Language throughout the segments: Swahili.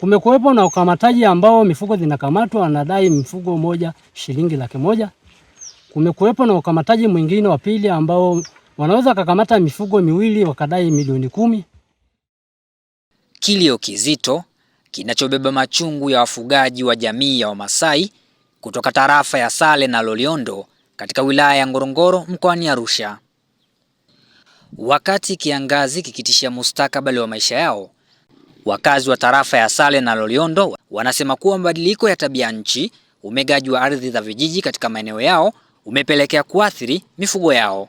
Kumekuwepo na ukamataji ambao mifugo zinakamatwa anadai mfugo moja shilingi laki moja. Kumekuwepo na ukamataji mwingine wa pili ambao wanaweza wakakamata mifugo miwili wakadai milioni kumi. Kilio kizito kinachobeba machungu ya wafugaji wa jamii ya Wamasai kutoka tarafa ya Sale na Loliondo katika wilaya ya Ngorongoro mkoani Arusha. Wakati kiangazi kikitishia mustakabali wa maisha yao, Wakazi wa tarafa ya Sale na Loliondo wanasema kuwa mabadiliko ya tabia nchi, umegaji wa ardhi za vijiji katika maeneo yao umepelekea kuathiri mifugo yao,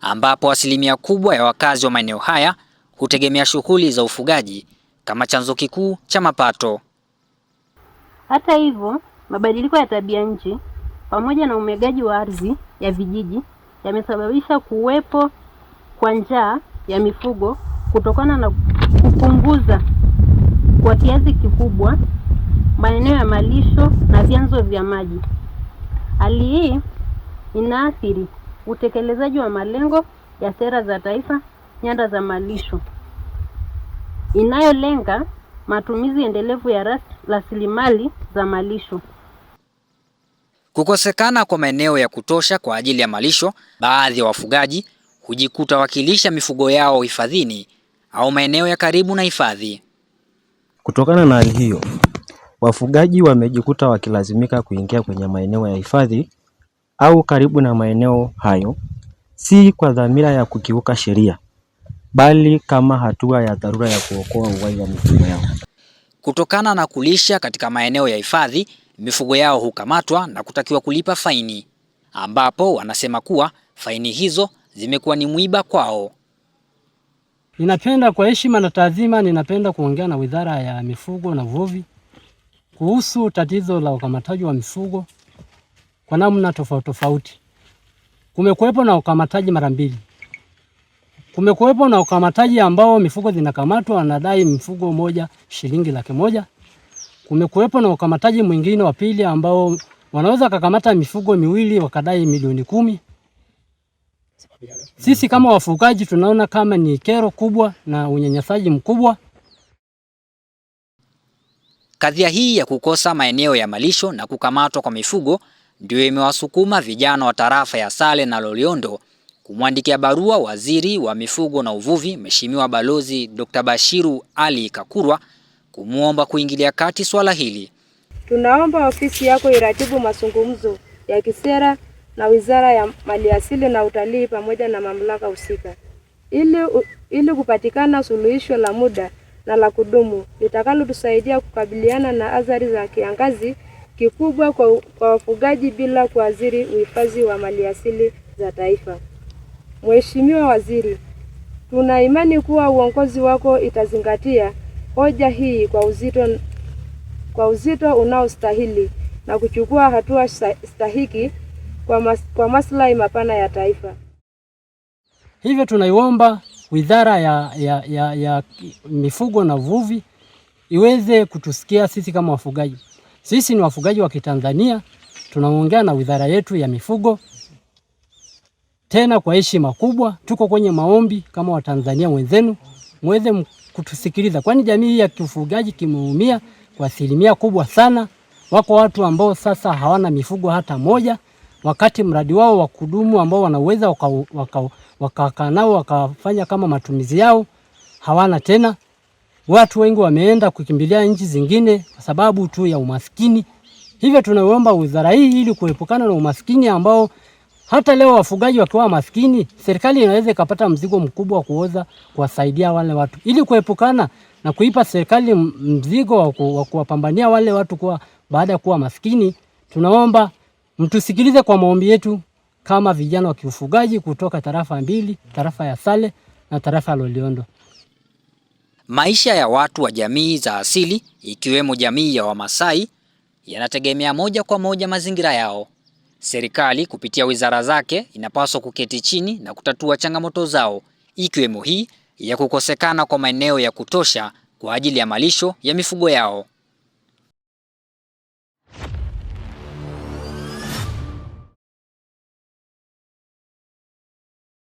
ambapo asilimia kubwa ya wakazi wa maeneo haya hutegemea shughuli za ufugaji kama chanzo kikuu cha mapato. Hata hivyo, mabadiliko ya tabia nchi pamoja na umegaji wa ardhi ya vijiji yamesababisha kuwepo kwa njaa ya mifugo kutokana na kupunguza kwa kiasi kikubwa maeneo ya malisho na vyanzo vya maji. Hali hii inaathiri utekelezaji wa malengo ya sera za taifa nyanda za malisho inayolenga matumizi endelevu ya rasilimali za malisho. Kukosekana kwa maeneo ya kutosha kwa ajili ya malisho, baadhi ya wafugaji hujikuta wakilisha mifugo yao hifadhini au maeneo ya karibu na hifadhi. Kutokana na hali hiyo, wafugaji wamejikuta wakilazimika kuingia kwenye maeneo ya hifadhi au karibu na maeneo hayo, si kwa dhamira ya kukiuka sheria, bali kama hatua ya dharura ya kuokoa uhai wa mifugo yao. Kutokana na kulisha katika maeneo ya hifadhi, mifugo yao hukamatwa na kutakiwa kulipa faini, ambapo wanasema kuwa faini hizo zimekuwa ni mwiba kwao. Ninapenda kwa heshima na taadhima, ninapenda kuongea na Wizara ya Mifugo na Uvuvi kuhusu tatizo la ukamataji wa mifugo kwa namna tofauti tofauti. Kumekuwepo na ukamataji mara mbili. Kumekuwepo na ukamataji ambao mifugo zinakamatwa wanadai mifugo moja shilingi laki moja. Kumekuwepo na ukamataji mwingine wa pili ambao wanaweza wakakamata mifugo miwili wakadai milioni kumi. Sisi kama wafugaji tunaona kama ni kero kubwa na unyanyasaji mkubwa. Kadhia hii ya kukosa maeneo ya malisho na kukamatwa kwa mifugo ndio imewasukuma vijana wa tarafa ya Sale na Loliondo kumwandikia barua waziri wa mifugo na uvuvi, Mheshimiwa Balozi Dr. Bashiru Ali Kakurwa kumwomba kuingilia kati swala hili. Tunaomba ofisi yako iratibu mazungumzo ya kisera na Wizara ya Maliasili na Utalii pamoja na mamlaka husika ili, ili kupatikana suluhisho la muda na la kudumu litakalotusaidia kukabiliana na athari za kiangazi kikubwa kwa wafugaji bila kuathiri uhifadhi wa maliasili za taifa. Mheshimiwa Waziri, tuna imani kuwa uongozi wako itazingatia hoja hii kwa uzito, kwa uzito unaostahili na kuchukua hatua stahiki kwa, mas, kwa maslahi mapana ya taifa. Hivyo tunaiomba Wizara ya, ya, ya, ya Mifugo na Uvuvi iweze kutusikia sisi kama wafugaji. Sisi ni wafugaji wa Kitanzania, tunaongea na wizara yetu ya mifugo tena kwa heshima kubwa. Tuko kwenye maombi kama Watanzania wenzenu, mweze kutusikiliza, kwani jamii hii ya kiufugaji kimeumia kwa asilimia kubwa sana. Wako watu ambao sasa hawana mifugo hata moja wakati mradi wao wa kudumu ambao wanaweza wakakaa nao wakafanya kama matumizi yao hawana tena. Watu wengi wameenda kukimbilia nchi zingine kwa sababu tu ya umaskini. Hivyo tunaomba wizara hii ili kuepukana na umaskini ambao hata leo wafugaji wakiwa maskini, serikali inaweza ikapata mzigo mkubwa wa kuweza kuwasaidia wale watu, ili kuepukana na kuipa serikali mzigo wa kuwapambania wale watu kuwa baada ya kuwa maskini, tunaomba mtusikilize kwa maombi yetu kama vijana wa kiufugaji kutoka tarafa mbili, tarafa ya Sale na tarafa ya Loliondo. Maisha ya watu wa jamii za asili ikiwemo jamii ya Wamasai yanategemea moja kwa moja mazingira yao. Serikali kupitia wizara zake inapaswa kuketi chini na kutatua changamoto zao ikiwemo hii ya kukosekana kwa maeneo ya kutosha kwa ajili ya malisho ya mifugo yao.